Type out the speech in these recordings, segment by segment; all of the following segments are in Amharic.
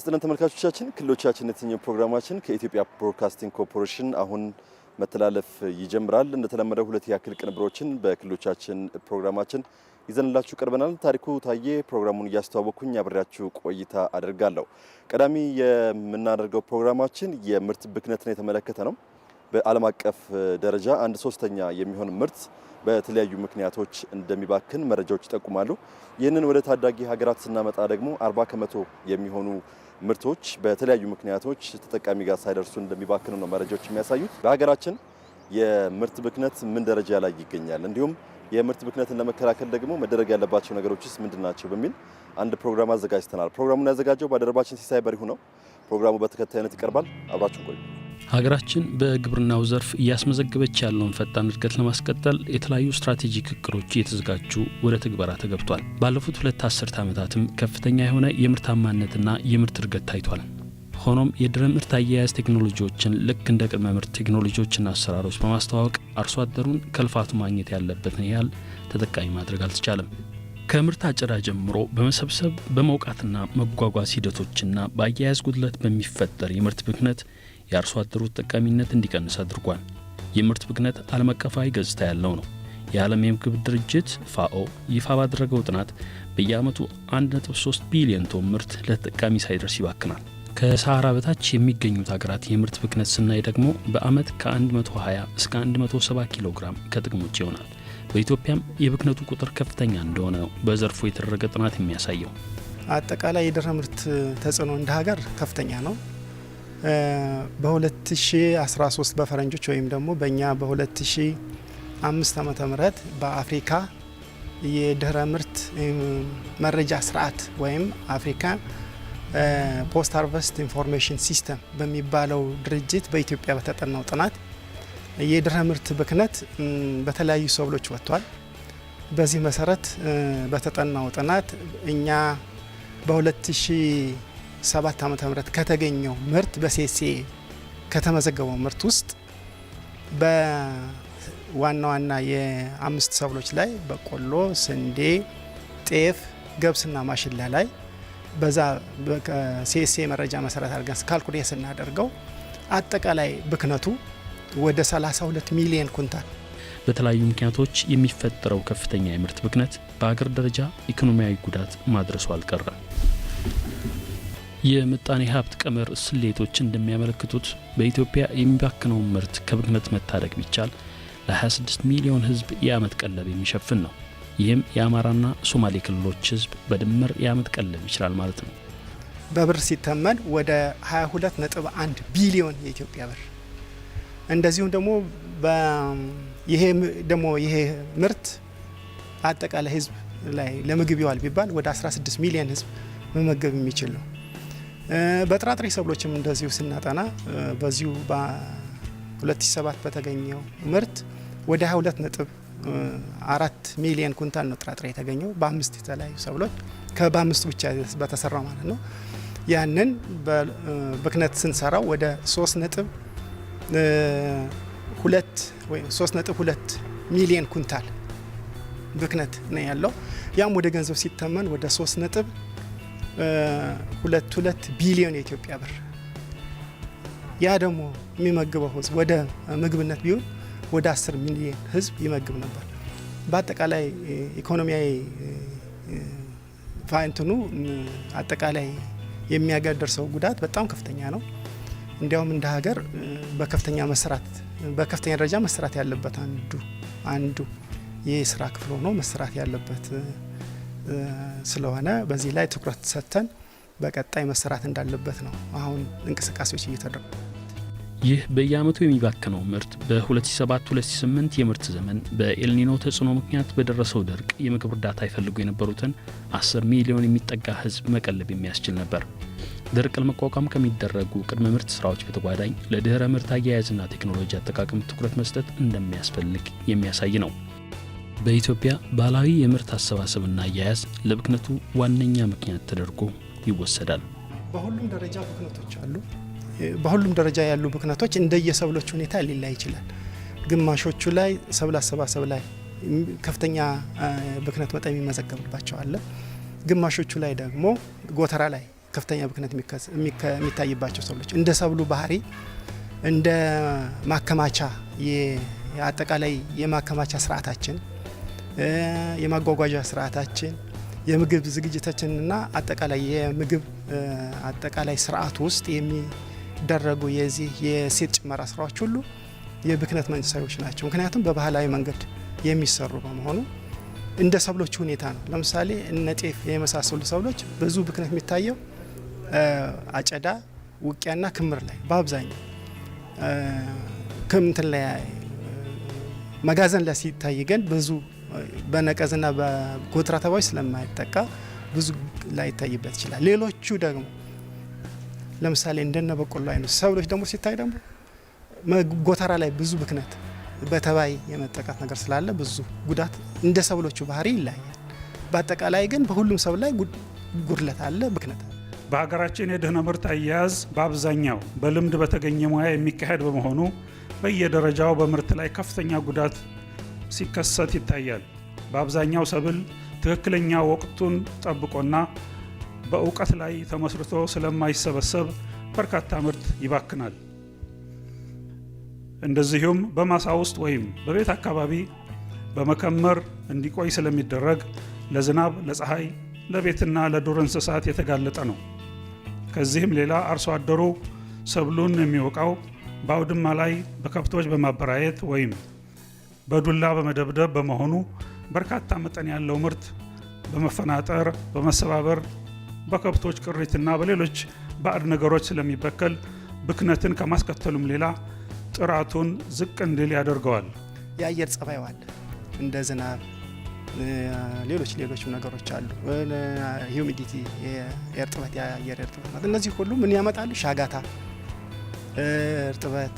ይስጥልን ተመልካቾቻችን፣ ክልሎቻችን የተሰኘ ፕሮግራማችን ከኢትዮጵያ ብሮድካስቲንግ ኮርፖሬሽን አሁን መተላለፍ ይጀምራል። እንደተለመደው ሁለት ያክል ቅንብሮችን በክልሎቻችን ፕሮግራማችን ይዘንላችሁ ቀርበናል። ታሪኩ ታዬ ፕሮግራሙን እያስተዋወቅኩኝ አብሬያችሁ ቆይታ አድርጋለሁ። ቀዳሚ የምናደርገው ፕሮግራማችን የምርት ብክነትን የተመለከተ ነው። በዓለም አቀፍ ደረጃ አንድ ሶስተኛ የሚሆን ምርት በተለያዩ ምክንያቶች እንደሚባክን መረጃዎች ይጠቁማሉ። ይህንን ወደ ታዳጊ ሀገራት ስናመጣ ደግሞ አርባ ከመቶ የሚሆኑ ምርቶች በተለያዩ ምክንያቶች ተጠቃሚ ጋር ሳይደርሱ እንደሚባክኑ ነው መረጃዎች የሚያሳዩት። በሀገራችን የምርት ብክነት ምን ደረጃ ላይ ይገኛል፣ እንዲሁም የምርት ብክነትን ለመከላከል ደግሞ መደረግ ያለባቸው ውስጥ ምንድን ናቸው በሚል አንድ ፕሮግራም አዘጋጅተናል። ፕሮግራሙን ያዘጋጀው ባልደረባችን ሲሳይ በሪሁ ነው። ፕሮግራሙ በተከታይነት ይቀርባል። አብራችሁ ቆዩ። ሀገራችን በግብርናው ዘርፍ እያስመዘገበች ያለውን ፈጣን እድገት ለማስቀጠል የተለያዩ ስትራቴጂክ እቅዶች እየተዘጋጁ ወደ ትግበራ ተገብቷል። ባለፉት ሁለት አስርት ዓመታትም ከፍተኛ የሆነ የምርታማነትና የምርት እድገት ታይቷል። ሆኖም የድረ ምርት አያያዝ ቴክኖሎጂዎችን ልክ እንደ ቅድመ ምርት ቴክኖሎጂዎችና አሰራሮች በማስተዋወቅ አርሶ አደሩን ከልፋቱ ማግኘት ያለበትን ያህል ተጠቃሚ ማድረግ አልተቻለም። ከምርት አጨዳ ጀምሮ በመሰብሰብ በመውቃትና መጓጓዝ ሂደቶችና በአያያዝ ጉድለት በሚፈጠር የምርት ብክነት የአርሶ አደሩ ተጠቃሚነት እንዲቀንስ አድርጓል። የምርት ብክነት ዓለም አቀፋዊ ገጽታ ያለው ነው። የዓለም የምግብ ድርጅት ፋኦ ይፋ ባደረገው ጥናት በየዓመቱ 1.3 ቢሊዮን ቶን ምርት ለተጠቃሚ ሳይደርስ ይባክናል። ከሳህራ በታች የሚገኙት ሀገራት የምርት ብክነት ስናይ ደግሞ በዓመት ከ120 እስከ 170 ኪሎ ግራም ከጥቅም ውጭ ይሆናል። በኢትዮጵያም የብክነቱ ቁጥር ከፍተኛ እንደሆነ ነው በዘርፉ የተደረገ ጥናት የሚያሳየው። አጠቃላይ የደረ ምርት ተጽዕኖ እንደ ሀገር ከፍተኛ ነው። በ2013 በፈረንጆች ወይም ደግሞ በእኛ በ2005 ዓመተ ምህረት በአፍሪካ የድህረ ምርት መረጃ ስርዓት ወይም አፍሪካ ፖስት ሃርቨስት ኢንፎርሜሽን ሲስተም በሚባለው ድርጅት በኢትዮጵያ በተጠናው ጥናት የድህረ ምርት ብክነት በተለያዩ ሰብሎች ወጥቷል። በዚህ መሰረት በተጠናው ጥናት እኛ በ ሰባት ዓመተ ምህረት ከተገኘው ምርት በሴሴ ከተመዘገበው ምርት ውስጥ በዋና ዋና የአምስት ሰብሎች ላይ በቆሎ፣ ስንዴ፣ ጤፍ፣ ገብስና ማሽላ ላይ በዛ ሴሴ መረጃ መሰረት አድርገን ካልኩሌት ስናደርገው አጠቃላይ ብክነቱ ወደ 32 ሚሊየን ኩንታል። በተለያዩ ምክንያቶች የሚፈጠረው ከፍተኛ የምርት ብክነት በአገር ደረጃ ኢኮኖሚያዊ ጉዳት ማድረሱ አልቀረም። የምጣኔ ሀብት ቀመር ስሌቶች እንደሚያመለክቱት በኢትዮጵያ የሚባክነውን ምርት ከብክነት መታደግ ቢቻል ለ26 ሚሊዮን ህዝብ የዓመት ቀለብ የሚሸፍን ነው። ይህም የአማራና ሶማሌ ክልሎች ህዝብ በድምር የአመት ቀለብ ይችላል ማለት ነው። በብር ሲተመን ወደ 22.1 ቢሊዮን የኢትዮጵያ ብር እንደዚሁም ደግሞ ይሄ ደግሞ ይሄ ምርት አጠቃላይ ህዝብ ላይ ለምግብ ይዋል ቢባል ወደ 16 ሚሊዮን ህዝብ መመገብ የሚችል ነው። በጥራጥሬ ሰብሎችም እንደዚሁ ስናጠና በዚሁ በ2007 በተገኘው ምርት ወደ 22 ነጥብ አራት ሚሊየን ኩንታል ነው ጥራጥሬ የተገኘው በአምስት የተለያዩ ሰብሎች በአምስቱ ብቻ በተሰራው ማለት ነው። ያንን በብክነት ስንሰራው ወደ 3 ነጥብ ሁለት ወይም 3 ነጥብ ሁለት ሚሊየን ኩንታል ብክነት ነው ያለው። ያም ወደ ገንዘብ ሲተመን ወደ 3 ነጥብ ሁለት ሁለት ቢሊዮን የኢትዮጵያ ብር ያ ደግሞ የሚመግበው ህዝብ ወደ ምግብነት ቢሆን ወደ 10 ሚሊዮን ህዝብ ይመግብ ነበር። በአጠቃላይ ኢኮኖሚያዊ ፋይንትኑ አጠቃላይ የሚያደርሰው ጉዳት በጣም ከፍተኛ ነው። እንዲያውም እንደ ሀገር በከፍተኛ መሰራት በከፍተኛ ደረጃ መስራት ያለበት አንዱ አንዱ የስራ ክፍል ሆኖ መሰራት ያለበት ስለሆነ በዚህ ላይ ትኩረት ሰጥተን በቀጣይ መሰራት እንዳለበት ነው አሁን እንቅስቃሴዎች እየተደረጉ ይህ በየዓመቱ የሚባክነው ምርት በ2007/2008 የምርት ዘመን በኤልኒኖ ተጽዕኖ ምክንያት በደረሰው ድርቅ የምግብ እርዳታ ይፈልጉ የነበሩትን 10 ሚሊዮን የሚጠጋ ህዝብ መቀለብ የሚያስችል ነበር። ድርቅ ለመቋቋም ከሚደረጉ ቅድመ ምርት ስራዎች በተጓዳኝ ለድኅረ ምርት አያያዝና ቴክኖሎጂ አጠቃቀም ትኩረት መስጠት እንደሚያስፈልግ የሚያሳይ ነው። በኢትዮጵያ ባህላዊ የምርት አሰባሰብና አያያዝ ለብክነቱ ዋነኛ ምክንያት ተደርጎ ይወሰዳል። በሁሉም ደረጃ ብክነቶች አሉ። በሁሉም ደረጃ ያሉ ብክነቶች እንደየሰብሎች ሁኔታ ሊላይ ይችላል። ግማሾቹ ላይ ሰብል አሰባሰብ ላይ ከፍተኛ ብክነት መጠን የሚመዘገብባቸው አለ። ግማሾቹ ላይ ደግሞ ጎተራ ላይ ከፍተኛ ብክነት የሚታይባቸው ሰብሎች እንደ ሰብሉ ባህሪ እንደ ማከማቻ አጠቃላይ የማከማቻ ስርዓታችን የማጓጓዣ ስርዓታችን፣ የምግብ ዝግጅታችንና አጠቃላይ የምግብ አጠቃላይ ስርዓት ውስጥ የሚደረጉ የዚህ የሴት ጭመራ ስራዎች ሁሉ የብክነት መንስኤዎች ናቸው። ምክንያቱም በባህላዊ መንገድ የሚሰሩ በመሆኑ እንደ ሰብሎች ሁኔታ ነው። ለምሳሌ እነ ጤፍ የመሳሰሉ ሰብሎች ብዙ ብክነት የሚታየው አጨዳ፣ ውቅያና ክምር ላይ በአብዛኛው ክምትን ላይ መጋዘን ላይ ሲታይ ግን ብዙ በነቀዝና በጎትራ ተባዮች ስለማይጠቃ ብዙ ላይታይበት ይችላል። ሌሎቹ ደግሞ ለምሳሌ እንደነ በቆሎ አይነት ሰብሎች ደግሞ ሲታይ ደግሞ ጎተራ ላይ ብዙ ብክነት በተባይ የመጠቃት ነገር ስላለ ብዙ ጉዳት እንደ ሰብሎቹ ባህሪ ይለያል። በአጠቃላይ ግን በሁሉም ሰብል ላይ ጉድለት አለ፣ ብክነት አለ። በሀገራችን የደህነ ምርት አያያዝ በአብዛኛው በልምድ በተገኘ ሙያ የሚካሄድ በመሆኑ በየደረጃው በምርት ላይ ከፍተኛ ጉዳት ሲከሰት ይታያል። በአብዛኛው ሰብል ትክክለኛ ወቅቱን ጠብቆና በእውቀት ላይ ተመስርቶ ስለማይሰበሰብ በርካታ ምርት ይባክናል። እንደዚሁም በማሳ ውስጥ ወይም በቤት አካባቢ በመከመር እንዲቆይ ስለሚደረግ ለዝናብ፣ ለፀሐይ፣ ለቤትና ለዱር እንስሳት የተጋለጠ ነው። ከዚህም ሌላ አርሶ አደሩ ሰብሉን የሚወቃው በአውድማ ላይ በከብቶች በማበራየት ወይም በዱላ በመደብደብ በመሆኑ በርካታ መጠን ያለው ምርት በመፈናጠር በመሰባበር በከብቶች ቅሪትና በሌሎች ባዕድ ነገሮች ስለሚበከል ብክነትን ከማስከተሉም ሌላ ጥራቱን ዝቅ እንዲል ያደርገዋል። የአየር ጸባይ አለ፣ እንደ ዝናብ፣ ሌሎች ሌሎችም ነገሮች አሉ። ሂዩሚዲቲ፣ የእርጥበት የአየር እርጥበት፣ እነዚህ ሁሉ ምን ያመጣሉ? ሻጋታ፣ እርጥበት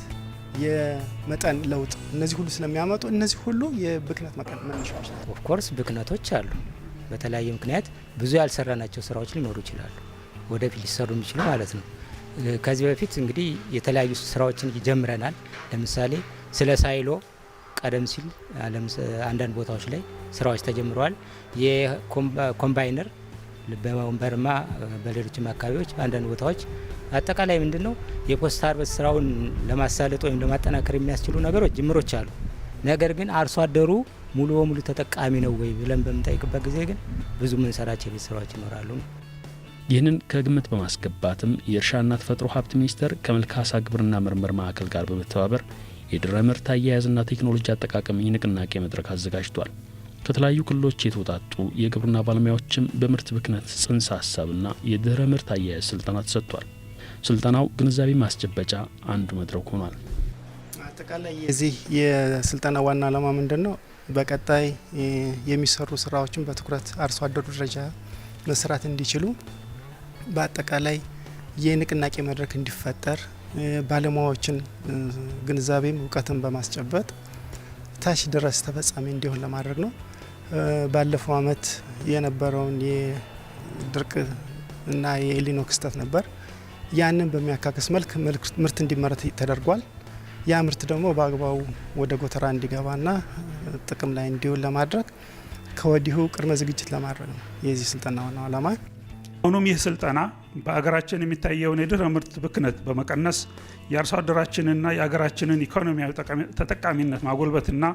የመጠን ለውጥ እነዚህ ሁሉ ስለሚያመጡ እነዚህ ሁሉ የብክነት መነሻዎች ናቸው። ኦፍኮርስ ብክነቶች አሉ። በተለያየ ምክንያት ብዙ ያልሰራናቸው ስራዎች ሊኖሩ ይችላሉ፣ ወደፊት ሊሰሩ የሚችሉ ማለት ነው። ከዚህ በፊት እንግዲህ የተለያዩ ስራዎችን ጀምረናል። ለምሳሌ ስለ ሳይሎ ቀደም ሲል አንዳንድ ቦታዎች ላይ ስራዎች ተጀምረዋል። የኮምባይነር በወንበርማ በሌሎችም አካባቢዎች አንዳንድ ቦታዎች አጠቃላይ ምንድን ነው የፖስታ ስራውን ለማሳለጥ ወይም ለማጠናከር የሚያስችሉ ነገሮች ጅምሮች አሉ። ነገር ግን አርሶ አደሩ ሙሉ በሙሉ ተጠቃሚ ነው ወይ ብለን በምንጠይቅበት ጊዜ ግን ብዙ ምንሰራቸው የቤት ስራዎች ይኖራሉ ይህንን ከግምት በማስገባትም የእርሻና ተፈጥሮ ሀብት ሚኒስቴር ከመልካሳ ግብርና ምርምር ማዕከል ጋር በመተባበር የድረ ምርት አያያዝና ቴክኖሎጂ አጠቃቀም ንቅናቄ መድረክ አዘጋጅቷል። ከተለያዩ ክልሎች የተውጣጡ የግብርና ባለሙያዎችም በምርት ብክነት ጽንሰ ሀሳብና የድህረ ምርት አያያዝ ስልጠና ተሰጥቷል። ስልጠናው ግንዛቤ ማስጨበጫ አንዱ መድረክ ሆኗል። አጠቃላይ የዚህ የስልጠና ዋና ዓላማ ምንድን ነው? በቀጣይ የሚሰሩ ስራዎችን በትኩረት አርሶ አደሩ ደረጃ መስራት እንዲችሉ በአጠቃላይ የንቅናቄ መድረክ እንዲፈጠር ባለሙያዎችን ግንዛቤም እውቀትን በማስጨበጥ ታች ድረስ ተፈጻሚ እንዲሆን ለማድረግ ነው። ባለፈው አመት የነበረውን የድርቅ እና የኤሊኖ ክስተት ነበር። ያንን በሚያካክስ መልክ ምርት እንዲመረት ተደርጓል። ያ ምርት ደግሞ በአግባቡ ወደ ጎተራ እንዲገባና ጥቅም ላይ እንዲውል ለማድረግ ከወዲሁ ቅድመ ዝግጅት ለማድረግ ነው የዚህ ስልጠና ዋናው ዓላማ። ሆኖም ይህ ስልጠና በሀገራችን የሚታየውን የድህረ ምርት ብክነት በመቀነስ የአርሶ አደራችንና የሀገራችንን ኢኮኖሚያዊ ተጠቃሚነት ማጎልበትና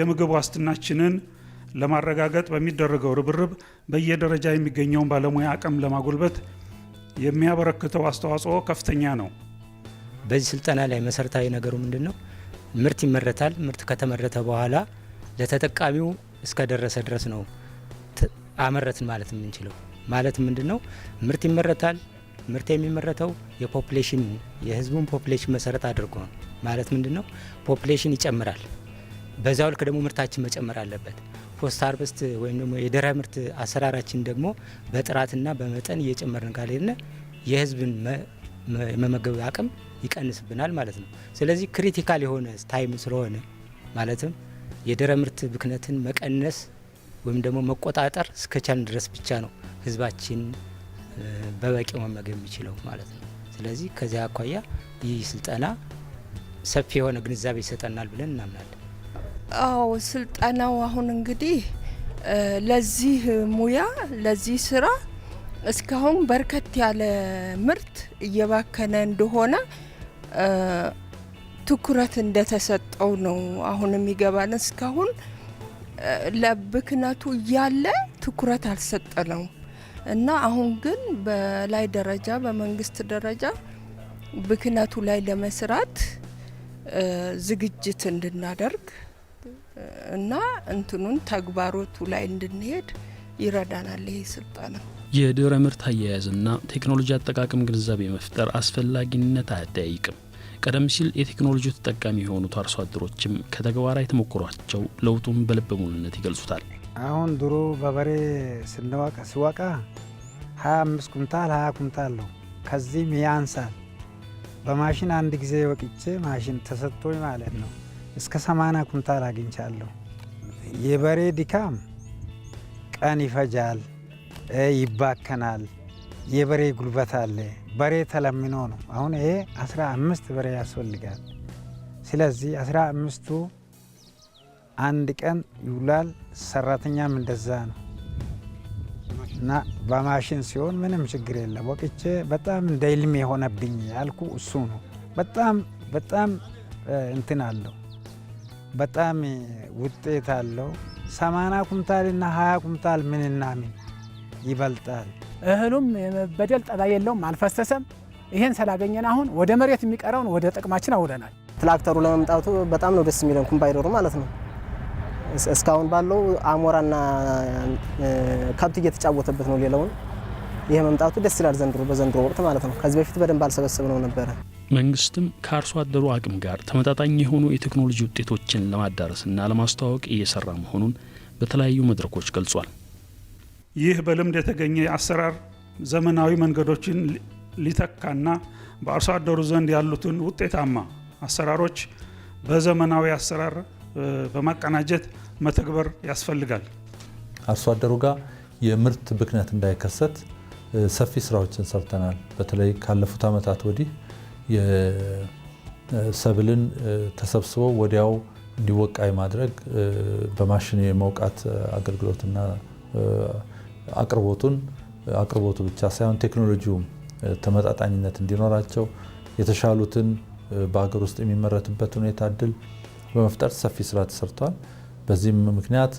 የምግብ ዋስትናችንን ለማረጋገጥ በሚደረገው ርብርብ በየደረጃ የሚገኘውን ባለሙያ አቅም ለማጎልበት የሚያበረክተው አስተዋጽኦ ከፍተኛ ነው። በዚህ ስልጠና ላይ መሰረታዊ ነገሩ ምንድን ነው? ምርት ይመረታል። ምርት ከተመረተ በኋላ ለተጠቃሚው እስከደረሰ ድረስ ነው አመረትን ማለት የምንችለው። ማለት ምንድን ነው? ምርት ይመረታል። ምርት የሚመረተው የፖፕሌሽን የህዝቡን ፖፕሌሽን መሰረት አድርጎ ነው። ማለት ምንድን ነው? ፖፕሌሽን ይጨምራል። በዛው ልክ ደግሞ ምርታችን መጨመር አለበት። የፖስት ሀርቨስት ወይም ደግሞ የድህረ ምርት አሰራራችን ደግሞ በጥራትና በመጠን እየጨመርን ካልሄድን የህዝብን የመመገብ አቅም ይቀንስብናል ማለት ነው። ስለዚህ ክሪቲካል የሆነ ታይም ስለሆነ ማለትም የድህረ ምርት ብክነትን መቀነስ ወይም ደግሞ መቆጣጠር እስከቻልን ድረስ ብቻ ነው ህዝባችን በበቂው መመገብ የሚችለው ማለት ነው። ስለዚህ ከዚያ አኳያ ይህ ስልጠና ሰፊ የሆነ ግንዛቤ ይሰጠናል ብለን እናምናለን። አዎ ስልጠናው አሁን እንግዲህ ለዚህ ሙያ ለዚህ ስራ እስካሁን በርከት ያለ ምርት እየባከነ እንደሆነ ትኩረት እንደተሰጠው ነው አሁን የሚገባን። እስካሁን ለብክነቱ እያለ ትኩረት አልሰጠ ነው እና አሁን ግን በላይ ደረጃ በመንግስት ደረጃ ብክነቱ ላይ ለመስራት ዝግጅት እንድናደርግ እና እንትኑን ተግባሮቱ ላይ እንድንሄድ ይረዳናል ይሄ ስልጠና። የድህረ ምርት አያያዝና ቴክኖሎጂ አጠቃቀም ግንዛቤ መፍጠር አስፈላጊነት አያጠያይቅም። ቀደም ሲል የቴክኖሎጂ ተጠቃሚ የሆኑት አርሶ አደሮችም ከተግባራዊ ተሞክሯቸው ለውጡን በልበ ሙሉነት ይገልጹታል። አሁን ድሮ በበሬ ስንዋቃ ሲዋቃ 25 ኩንታል 20 ኩንታል ነው፣ ከዚህም ያንሳል። በማሽን አንድ ጊዜ ወቅቼ ማሽን ተሰጥቶኝ ማለት ነው እስከ 80 ኩንታል አግኝቻለሁ። የበሬ ድካም ቀን ይፈጃል፣ ይባከናል። የበሬ ጉልበት አለ። በሬ ተለምኖ ነው። አሁን ይሄ 15 በሬ ያስፈልጋል። ስለዚህ 15ቱ አንድ ቀን ይውላል። ሰራተኛም እንደዛ ነው እና በማሽን ሲሆን ምንም ችግር የለም። ወቅቼ በጣም እንደ ህልም የሆነብኝ ያልኩ እሱ ነው። በጣም በጣም እንትን አለው በጣም ውጤት አለው። ሰማና ኩምታልና ሀያ ኩምታል ምንና ምን ይበልጣል። እህሉም የመበደል ጠባይ የለውም፣ አልፈሰሰም። ይህን ስላገኘን አሁን ወደ መሬት የሚቀረውን ወደ ጥቅማችን አውለናል። ትራክተሩ ለመምጣቱ በጣም ነው ደስ የሚለን ኮምባይነሩ ማለት ነው። እስካሁን ባለው አሞራና ከብት እየተጫወተበት ነው ሌላውን። ይህ መምጣቱ ደስ ይላል ዘንድሮ በዘንድሮ ወቅት ማለት ነው። ከዚህ በፊት በደንብ አልሰበሰብ ነው ነበረ መንግስትም ከአርሶ አደሩ አቅም ጋር ተመጣጣኝ የሆኑ የቴክኖሎጂ ውጤቶችን ለማዳረስና ለማስተዋወቅ እየሰራ መሆኑን በተለያዩ መድረኮች ገልጿል። ይህ በልምድ የተገኘ አሰራር ዘመናዊ መንገዶችን ሊተካና በአርሶ አደሩ ዘንድ ያሉትን ውጤታማ አሰራሮች በዘመናዊ አሰራር በማቀናጀት መተግበር ያስፈልጋል። አርሶ አደሩ ጋር የምርት ብክነት እንዳይከሰት ሰፊ ስራዎችን ሰርተናል። በተለይ ካለፉት ዓመታት ወዲህ ሰብልን ተሰብስቦ ወዲያው እንዲወቃ የማድረግ በማሽን የመውቃት አገልግሎትና አቅርቦቱን አቅርቦቱ ብቻ ሳይሆን ቴክኖሎጂውም ተመጣጣኝነት እንዲኖራቸው የተሻሉትን በሀገር ውስጥ የሚመረትበት ሁኔታ እድል በመፍጠር ሰፊ ስራ ተሰርቷል። በዚህም ምክንያት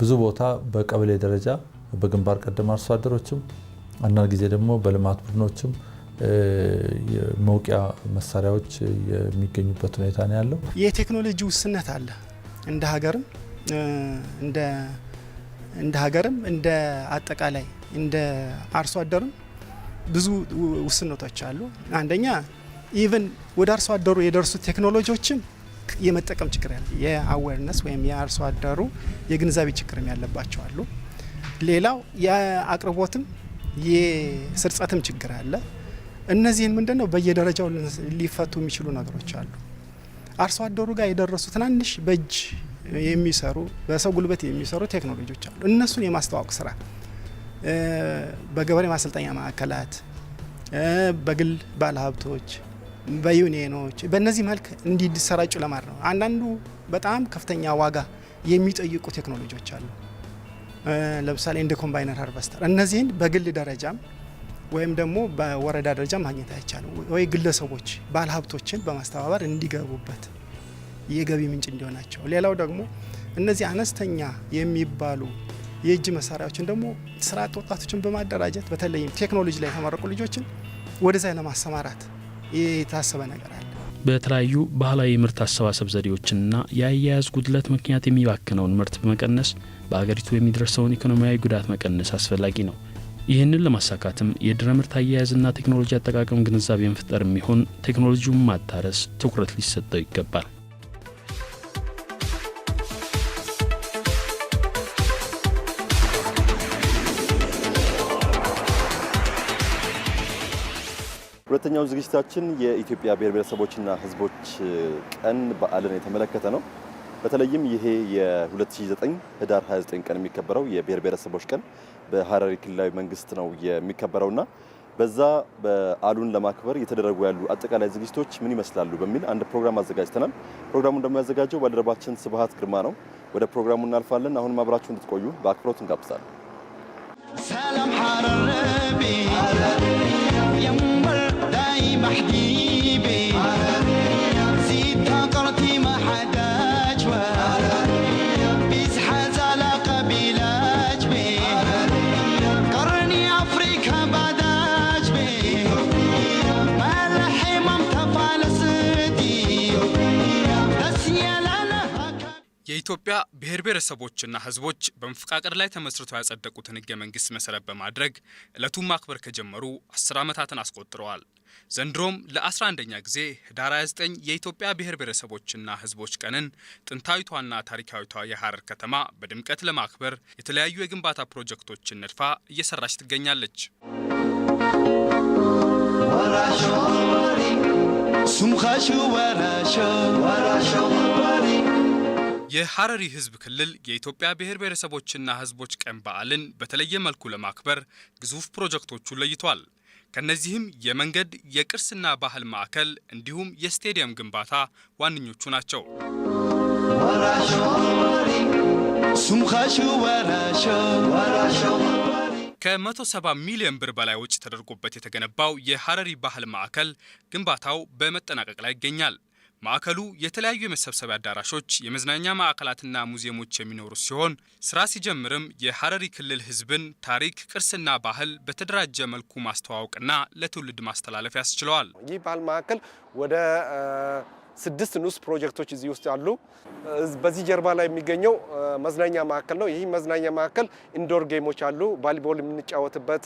ብዙ ቦታ በቀበሌ ደረጃ በግንባር ቀደም አርሶ አደሮችም አንዳንድ ጊዜ ደግሞ በልማት ቡድኖችም የመውቂያ መሳሪያዎች የሚገኙበት ሁኔታ ነው ያለው። የቴክኖሎጂ ውስነት አለ እንደ ሀገርም እንደ ሀገርም እንደ አጠቃላይ እንደ አርሶ አደርም ብዙ ውስነቶች አሉ። አንደኛ ኢቨን ወደ አርሶ አደሩ የደርሱ ቴክኖሎጂዎችም የመጠቀም ችግር ያለ የአዌርነስ ወይም የአርሶ አደሩ የግንዛቤ ችግርም ያለባቸው አሉ። ሌላው የአቅርቦትም የስርጸትም ችግር አለ። እነዚህን ምንድን ነው በየደረጃው ሊፈቱ የሚችሉ ነገሮች አሉ። አርሶ አደሩ ጋር የደረሱ ትናንሽ በእጅ የሚሰሩ በሰው ጉልበት የሚሰሩ ቴክኖሎጂዎች አሉ። እነሱን የማስተዋወቅ ስራ በገበሬ ማሰልጠኛ ማዕከላት፣ በግል ባለሀብቶች፣ በዩኒየኖች በእነዚህ መልክ እንዲሰራጩ ለማድረግ ነው። አንዳንዱ በጣም ከፍተኛ ዋጋ የሚጠይቁ ቴክኖሎጂዎች አሉ። ለምሳሌ እንደ ኮምባይነር ሃርቨስተር እነዚህን በግል ደረጃም ወይም ደግሞ በወረዳ ደረጃ ማግኘት አይቻልም ወይ ግለሰቦች ባለሀብቶችን በማስተባበር እንዲገቡበት የገቢ ምንጭ እንዲሆናቸው። ሌላው ደግሞ እነዚህ አነስተኛ የሚባሉ የእጅ መሳሪያዎችን ደግሞ ስራ አጥ ወጣቶችን በማደራጀት በተለይም ቴክኖሎጂ ላይ የተመረቁ ልጆችን ወደዛ ለማሰማራት የታሰበ ነገር አለ። በተለያዩ ባህላዊ ምርት አሰባሰብ ዘዴዎችንና የአያያዝ ጉድለት ምክንያት የሚባክነውን ምርት በመቀነስ በአገሪቱ የሚደርሰውን ኢኮኖሚያዊ ጉዳት መቀነስ አስፈላጊ ነው። ይህንን ለማሳካትም የድረ ምርት አያያዝና ቴክኖሎጂ አጠቃቀም ግንዛቤ መፍጠር የሚሆን ቴክኖሎጂውን ማታረስ ትኩረት ሊሰጠው ይገባል። ሁለተኛው ዝግጅታችን የኢትዮጵያ ብሔር ብሔረሰቦችና ሕዝቦች ቀን በዓልን የተመለከተ ነው። በተለይም ይሄ የ2009 ህዳር 29 ቀን የሚከበረው የብሔር ብሔረሰቦች ቀን በሀረሪ ክልላዊ መንግስት ነው የሚከበረውና በዛ በዓሉን ለማክበር እየተደረጉ ያሉ አጠቃላይ ዝግጅቶች ምን ይመስላሉ በሚል አንድ ፕሮግራም አዘጋጅተናል። ፕሮግራሙ እንደሚያዘጋጀው ባልደረባችን ስብሃት ግርማ ነው። ወደ ፕሮግራሙ እናልፋለን። አሁንም አብራችሁ እንድትቆዩ በአክብሮት እንጋብዛለን። ኢትዮጵያ ብሔር ብሔረሰቦችና ሕዝቦች በመፈቃቀድ ላይ ተመስርተው ያጸደቁትን ህገ መንግስት መሰረት በማድረግ ዕለቱን ማክበር ከጀመሩ አስር ዓመታትን አስቆጥረዋል። ዘንድሮም ለ11ኛ ጊዜ ህዳር 29 የኢትዮጵያ ብሔር ብሔረሰቦችና ሕዝቦች ቀንን ጥንታዊቷና ታሪካዊቷ የሐረር ከተማ በድምቀት ለማክበር የተለያዩ የግንባታ ፕሮጀክቶችን ነድፋ እየሰራች ትገኛለች። ሱምኻሹ የሐረሪ ህዝብ ክልል የኢትዮጵያ ብሔር ብሔረሰቦችና ህዝቦች ቀን በዓልን በተለየ መልኩ ለማክበር ግዙፍ ፕሮጀክቶቹ ለይቷል። ከነዚህም የመንገድ የቅርስና ባህል ማዕከል እንዲሁም የስቴዲየም ግንባታ ዋነኞቹ ናቸው። ከ170 ሚሊዮን ብር በላይ ወጪ ተደርጎበት የተገነባው የሐረሪ ባህል ማዕከል ግንባታው በመጠናቀቅ ላይ ይገኛል። ማዕከሉ የተለያዩ የመሰብሰቢያ አዳራሾች፣ የመዝናኛ ማዕከላትና ሙዚየሞች የሚኖሩ ሲሆን ስራ ሲጀምርም የሐረሪ ክልል ህዝብን ታሪክ፣ ቅርስና ባህል በተደራጀ መልኩ ማስተዋወቅና ለትውልድ ማስተላለፍ ያስችለዋል። ይህ ባህል ማዕከል ወደ ስድስት ንዑስ ፕሮጀክቶች እዚህ ውስጥ አሉ። በዚህ ጀርባ ላይ የሚገኘው መዝናኛ ማዕከል ነው። ይህ መዝናኛ ማዕከል ኢንዶር ጌሞች አሉ። ቫሊቦል የምንጫወትበት፣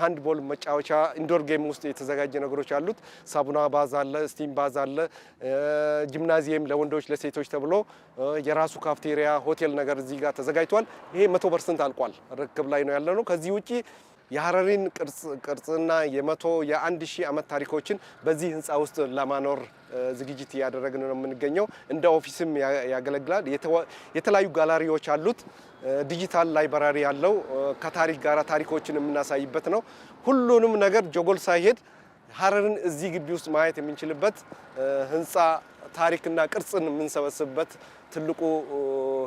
ሃንድቦል መጫወቻ ኢንዶር ጌም ውስጥ የተዘጋጀ ነገሮች አሉት። ሳቡና ባዝ አለ፣ ስቲም ባዝ አለ፣ ጂምናዚየም ለወንዶች ለሴቶች ተብሎ የራሱ ካፍቴሪያ ሆቴል ነገር እዚህ ጋር ተዘጋጅቷል። ይሄ መቶ ፐርሰንት አልቋል፣ ርክብ ላይ ነው ያለ ነው። ከዚህ ውጭ የሀረሪን ቅርጽና የመቶ የአንድ ሺህ ዓመት ታሪኮችን በዚህ ህንፃ ውስጥ ለማኖር ዝግጅት እያደረግን ነው የምንገኘው። እንደ ኦፊስም ያገለግላል። የተለያዩ ጋላሪዎች አሉት። ዲጂታል ላይብራሪ ያለው ከታሪክ ጋር ታሪኮችን የምናሳይበት ነው። ሁሉንም ነገር ጆጎል ሳይሄድ ሀረርን እዚህ ግቢ ውስጥ ማየት የምንችልበት ህንፃ ታሪክና ቅርጽን የምንሰበስብበት ትልቁ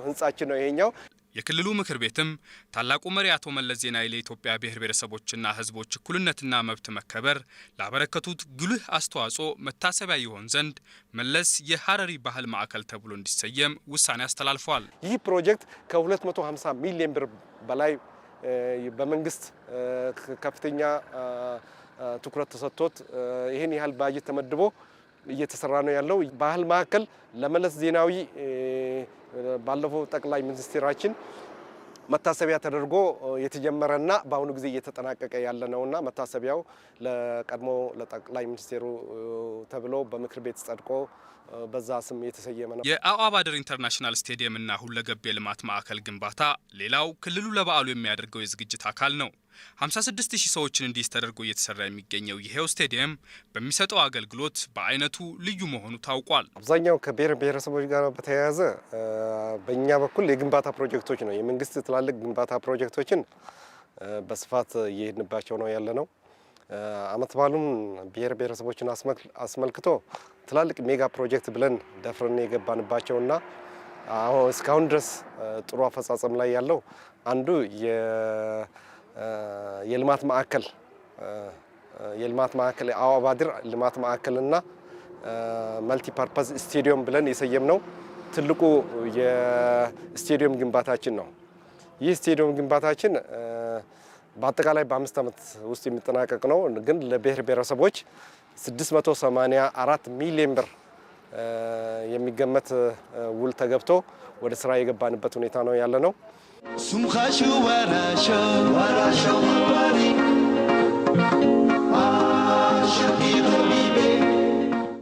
ህንፃችን ነው ይሄኛው። የክልሉ ምክር ቤትም ታላቁ መሪ አቶ መለስ ዜናዊ ለኢትዮጵያ ብሔር ብሔረሰቦችና ሕዝቦች እኩልነትና መብት መከበር ላበረከቱት ጉልህ አስተዋጽኦ መታሰቢያ ይሆን ዘንድ መለስ የሀረሪ ባህል ማዕከል ተብሎ እንዲሰየም ውሳኔ አስተላልፏል ይህ ፕሮጀክት ከ250 ሚሊዮን ብር በላይ በመንግስት ከፍተኛ ትኩረት ተሰጥቶት ይህን ያህል ባጀት ተመድቦ እየተሰራ ነው ያለው። ባህል ማዕከል ለመለስ ዜናዊ ባለፈው ጠቅላይ ሚኒስትራችን መታሰቢያ ተደርጎ የተጀመረና በአሁኑ ጊዜ እየተጠናቀቀ ያለ ነውና መታሰቢያው ለቀድሞ ለጠቅላይ ሚኒስቴሩ ተብሎ በምክር ቤት ጸድቆ በዛ ስም የተሰየመ ነው። የአዋባደር ኢንተርናሽናል እና ሁለገብ የልማት ማዕከል ግንባታ ሌላው ክልሉ ለበዓሉ የሚያደርገው የዝግጅት አካል ነው። 56 ሺህ ሰዎችን እንዲስ ተደርጎ እየተሰራ የሚገኘው ይሄው ስቴዲየም በሚሰጠው አገልግሎት በአይነቱ ልዩ መሆኑ ታውቋል። አብዛኛው ከብሔር ብሔረሰቦች ጋር በተያያዘ በእኛ በኩል የግንባታ ፕሮጀክቶች ነው የመንግስት ትላልቅ ግንባታ ፕሮጀክቶችን በስፋት እየሄድንባቸው ነው ያለ ነው። አመት በዓሉም ብሔር ብሔረሰቦችን አስመልክቶ ትላልቅ ሜጋ ፕሮጀክት ብለን ደፍረን የገባንባቸውና አሁን እስካሁን ድረስ ጥሩ አፈጻጸም ላይ ያለው አንዱ የልማት ማዕከል የልማት ማዕከል አዋባድር ልማት ማዕከልና መልቲፐርፐዝ ስቴዲየም ብለን ነው። ትልቁ የስቴዲየም ግንባታችን ነው። ይህ ስቴዲየም ግንባታችን በአጠቃላይ በአምስት ዓመት ውስጥ የሚጠናቀቅ ነው። ግን ለብሔር ብሔረሰቦች 684 ሚሊዮን ብር የሚገመት ውል ተገብቶ ወደ ስራ የገባንበት ሁኔታ ነው ያለ ነው።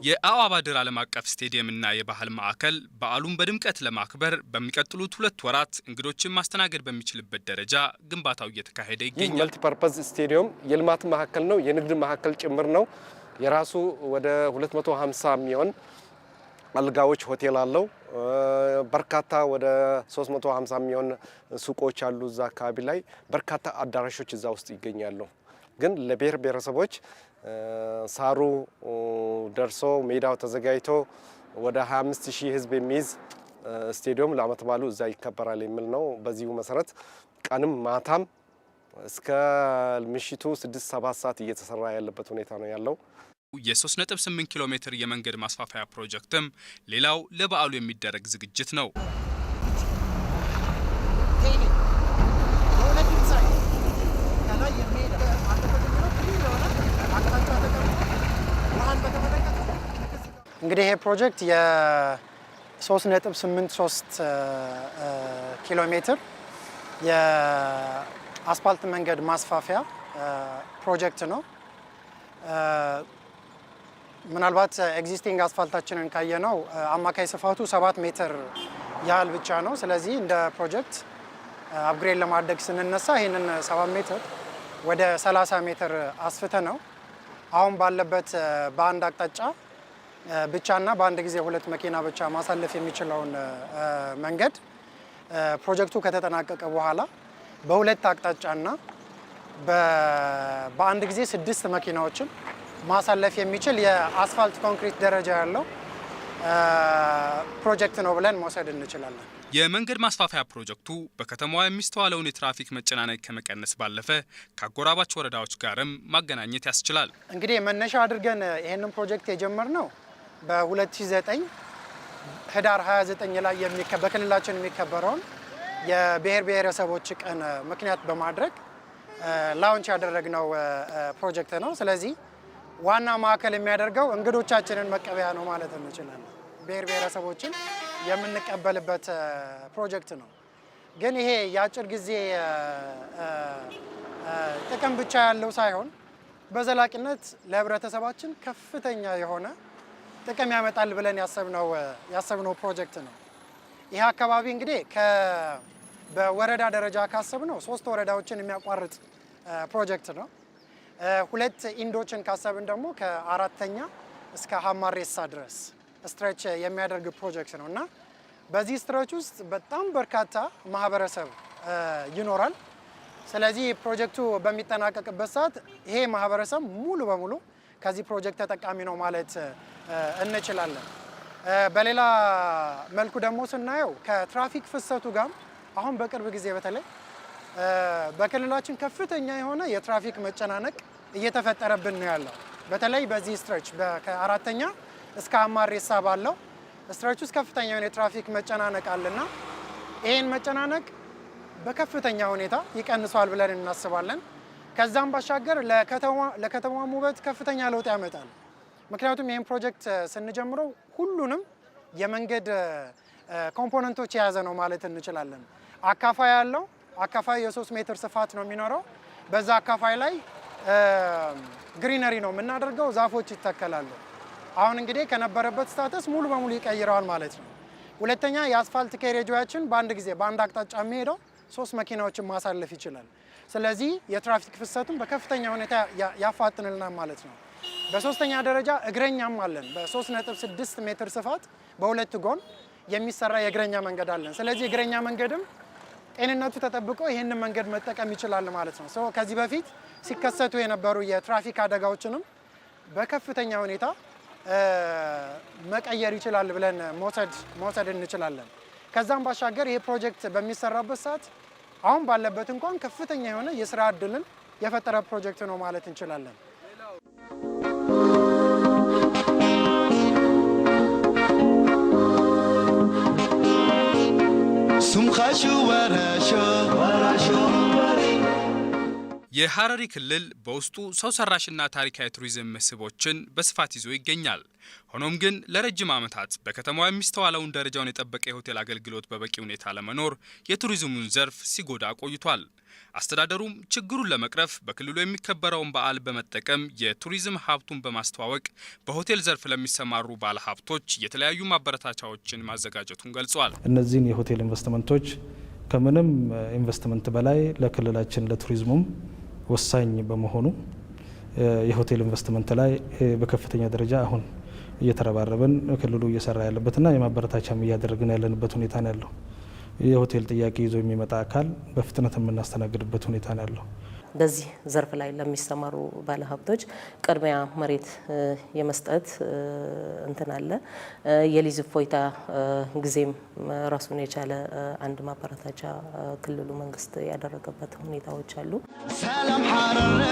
የአዋባድር ዓለም አቀፍ ስቴዲየምና የባህል ማዕከል በዓሉን በድምቀት ለማክበር በሚቀጥሉት ሁለት ወራት እንግዶችን ማስተናገድ በሚችልበት ደረጃ ግንባታው እየተካሄደ ይገኛል። ይህ መልቲፐርፐዝ ስቴዲየም የልማት ማዕከል ነው፣ የንግድ ማዕከል ጭምር ነው። የራሱ ወደ 250 የሚሆን አልጋዎች ሆቴል አለው። በርካታ ወደ 350 የሚሆን ሱቆች አሉ። እዛ አካባቢ ላይ በርካታ አዳራሾች እዛ ውስጥ ይገኛሉ። ግን ለብሔር ብሔረሰቦች ሳሩ ደርሶ ሜዳው ተዘጋጅቶ ወደ 25 ሺህ ህዝብ የሚይዝ ስቴዲየም ለዓመት በዓሉ እዛ ይከበራል የሚል ነው። በዚሁ መሰረት ቀንም ማታም እስከ ምሽቱ 6 7 ሰዓት እየተሰራ ያለበት ሁኔታ ነው ያለው። የ3.8 ኪሎ ሜትር የመንገድ ማስፋፋያ ፕሮጀክትም ሌላው ለበዓሉ የሚደረግ ዝግጅት ነው። እንግዲህ ይሄ ፕሮጀክት የ3.83 ኪሎ ሜትር የአስፓልት መንገድ ማስፋፊያ ፕሮጀክት ነው። ምናልባት ኤግዚስቲንግ አስፋልታችንን ካየነው አማካይ ስፋቱ 7 ሜትር ያህል ብቻ ነው። ስለዚህ እንደ ፕሮጀክት አፕግሬድ ለማድረግ ስንነሳ ይህንን ሰ7 ሜትር ወደ 30 ሜትር አስፍተ ነው አሁን ባለበት በአንድ አቅጣጫ ብቻና በአንድ ጊዜ ሁለት መኪና ብቻ ማሳለፍ የሚችለውን መንገድ ፕሮጀክቱ ከተጠናቀቀ በኋላ በሁለት አቅጣጫና በአንድ ጊዜ ስድስት መኪናዎችን ማሳለፍ የሚችል የአስፋልት ኮንክሪት ደረጃ ያለው ፕሮጀክት ነው ብለን መውሰድ እንችላለን። የመንገድ ማስፋፊያ ፕሮጀክቱ በከተማዋ የሚስተዋለውን የትራፊክ መጨናነቅ ከመቀነስ ባለፈ ከአጎራባች ወረዳዎች ጋርም ማገናኘት ያስችላል። እንግዲህ መነሻ አድርገን ይህንን ፕሮጀክት የጀመርነው በ2009 ህዳር 29 ላይ በክልላችን የሚከበረውን የብሔር ብሔረሰቦች ቀን ምክንያት በማድረግ ላውንች ያደረግነው ፕሮጀክት ነው። ስለዚህ ዋና ማዕከል የሚያደርገው እንግዶቻችንን መቀበያ ነው ማለት እንችላለን። ብሔር ብሔረሰቦችን የምንቀበልበት ፕሮጀክት ነው። ግን ይሄ የአጭር ጊዜ ጥቅም ብቻ ያለው ሳይሆን በዘላቂነት ለህብረተሰባችን ከፍተኛ የሆነ ጥቅም ያመጣል ብለን ያሰብነው ፕሮጀክት ነው። ይህ አካባቢ እንግዲህ በወረዳ ደረጃ ካሰብነው ሶስት ወረዳዎችን የሚያቋርጥ ፕሮጀክት ነው። ሁለት ኢንዶችን ካሰብን ደግሞ ከአራተኛ እስከ ሀማሬሳ ድረስ ስትሬች የሚያደርግ ፕሮጀክት ነው እና በዚህ ስትሬች ውስጥ በጣም በርካታ ማህበረሰብ ይኖራል። ስለዚህ ፕሮጀክቱ በሚጠናቀቅበት ሰዓት ይሄ ማህበረሰብ ሙሉ በሙሉ ከዚህ ፕሮጀክት ተጠቃሚ ነው ማለት እንችላለን። በሌላ መልኩ ደግሞ ስናየው ከትራፊክ ፍሰቱ ጋር አሁን በቅርብ ጊዜ በተለይ በክልላችን ከፍተኛ የሆነ የትራፊክ መጨናነቅ እየተፈጠረብን ነው ያለው። በተለይ በዚህ ስትረች ከአራተኛ እስከ አማሬሳ ባለው ስትረች ውስጥ ከፍተኛ የሆነ የትራፊክ መጨናነቅ አለና ይህን መጨናነቅ በከፍተኛ ሁኔታ ይቀንሷል ብለን እናስባለን። ከዛም ባሻገር ለከተማዋም ውበት ከፍተኛ ለውጥ ያመጣል። ምክንያቱም ይህን ፕሮጀክት ስንጀምረው ሁሉንም የመንገድ ኮምፖነንቶች የያዘ ነው ማለት እንችላለን። አካፋይ ያለው አካፋይ የሶስት ሜትር ስፋት ነው የሚኖረው። በዛ አካፋይ ላይ ግሪነሪ ነው የምናደርገው፣ ዛፎች ይተከላሉ። አሁን እንግዲህ ከነበረበት ስታተስ ሙሉ በሙሉ ይቀይረዋል ማለት ነው። ሁለተኛ የአስፋልት ኬሬጆችን በአንድ ጊዜ በአንድ አቅጣጫ የሚሄደው ሶስት መኪናዎችን ማሳለፍ ይችላል። ስለዚህ የትራፊክ ፍሰቱን በከፍተኛ ሁኔታ ያፋጥንልናል ማለት ነው። በሶስተኛ ደረጃ እግረኛም አለን። በ3.6 ሜትር ስፋት በሁለት ጎን የሚሰራ የእግረኛ መንገድ አለን። ስለዚህ የእግረኛ መንገድም ጤንነቱ ተጠብቆ ይህንን መንገድ መጠቀም ይችላል ማለት ነው። ከዚህ በፊት ሲከሰቱ የነበሩ የትራፊክ አደጋዎችንም በከፍተኛ ሁኔታ መቀየር ይችላል ብለን መውሰድ እንችላለን። ከዛም ባሻገር ይሄ ፕሮጀክት በሚሰራበት ሰዓት አሁን ባለበት እንኳን ከፍተኛ የሆነ የስራ እድልን የፈጠረ ፕሮጀክት ነው ማለት እንችላለን። ወረሾ ወረሾ የሐረሪ ክልል በውስጡ ሰው ሰራሽና ታሪካዊ ቱሪዝም መስህቦችን በስፋት ይዞ ይገኛል። ሆኖም ግን ለረጅም ዓመታት በከተማዋ የሚስተዋለውን ደረጃውን የጠበቀ የሆቴል አገልግሎት በበቂ ሁኔታ ለመኖር የቱሪዝሙን ዘርፍ ሲጎዳ ቆይቷል። አስተዳደሩም ችግሩን ለመቅረፍ በክልሉ የሚከበረውን በዓል በመጠቀም የቱሪዝም ሀብቱን በማስተዋወቅ በሆቴል ዘርፍ ለሚሰማሩ ባለሀብቶች የተለያዩ ማበረታቻዎችን ማዘጋጀቱን ገልጿል። እነዚህን የሆቴል ኢንቨስትመንቶች ከምንም ኢንቨስትመንት በላይ ለክልላችን ለቱሪዝሙም ወሳኝ በመሆኑ የሆቴል ኢንቨስትመንት ላይ በከፍተኛ ደረጃ አሁን እየተረባረበን ክልሉ እየሰራ ያለበትና የማበረታቻም እያደረግን ያለንበት ሁኔታ ነው ያለው። የሆቴል ጥያቄ ይዞ የሚመጣ አካል በፍጥነት የምናስተናግድበት ሁኔታ ነው ያለው። በዚህ ዘርፍ ላይ ለሚሰማሩ ባለሀብቶች ቅድሚያ መሬት የመስጠት እንትን አለ። የሊዝ እፎይታ ጊዜም ራሱን የቻለ አንድ ማበረታቻ ክልሉ መንግስት ያደረገበት ሁኔታዎች አሉ። ሰላም ሐረር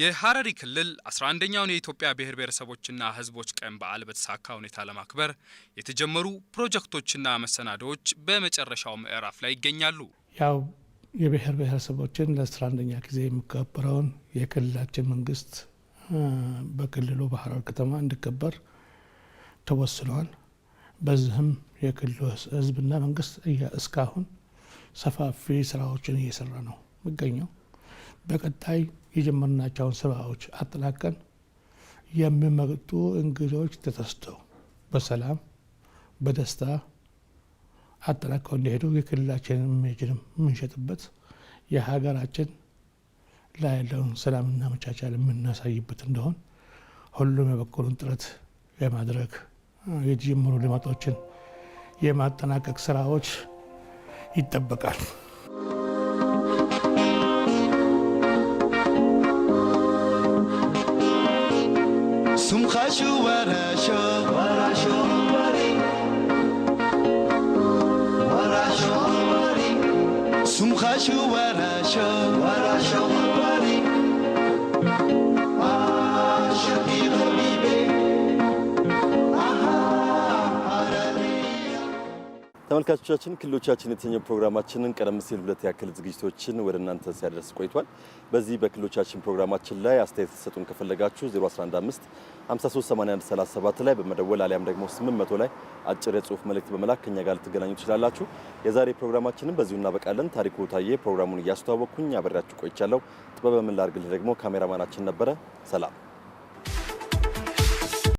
የሐረሪ ክልል 11ኛውን የኢትዮጵያ ብሔር ብሔረሰቦችና ሕዝቦች ቀን በዓል በተሳካ ሁኔታ ለማክበር የተጀመሩ ፕሮጀክቶችና መሰናዶዎች በመጨረሻው ምዕራፍ ላይ ይገኛሉ። ያው የብሔር ብሔረሰቦችን ለ11ኛ ጊዜ የሚከበረውን የክልላችን መንግስት በክልሉ በሐረር ከተማ እንዲከበር ተወስኗል። በዚህም የክልሉ ሕዝብና መንግስት እስካሁን ሰፋፊ ስራዎችን እየሰራ ነው የሚገኘው በቀጣይ የጀመርናቸውን ስራዎች አጠናቀን የሚመጡ እንግዶች ተተስተው በሰላም በደስታ አጠናቀው እንዲሄዱ የክልላችን ኢሜጅንም የምንሸጥበት የሀገራችን ላይ ያለውን ሰላምና መቻቻል የምናሳይበት እንደሆን ሁሉም የበኩሉን ጥረት የማድረግ የተጀመሩ ልማቶችን የማጠናቀቅ ስራዎች ይጠበቃል። you what I ተመልካቾቻችን ክልሎቻችን የተሰኘው ፕሮግራማችንን ቀደም ሲል ሁለት ያክል ዝግጅቶችን ወደ እናንተ ሲያደርስ ቆይቷል። በዚህ በክልሎቻችን ፕሮግራማችን ላይ አስተያየት ሰጡን ከፈለጋችሁ 0115 538137 ላይ በመደወል አሊያም ደግሞ 800 ላይ አጭር የጽሁፍ መልእክት በመላክ ከኛ ጋር ልትገናኙ ትችላላችሁ። የዛሬ ፕሮግራማችንን በዚሁ እናበቃለን። ታሪኩ ታዬ ፕሮግራሙን እያስተዋወቅኩኝ አበሬያችሁ ቆይቻለሁ። ጥበብ ምን ላድርግልህ ደግሞ ካሜራማናችን ነበረ። ሰላም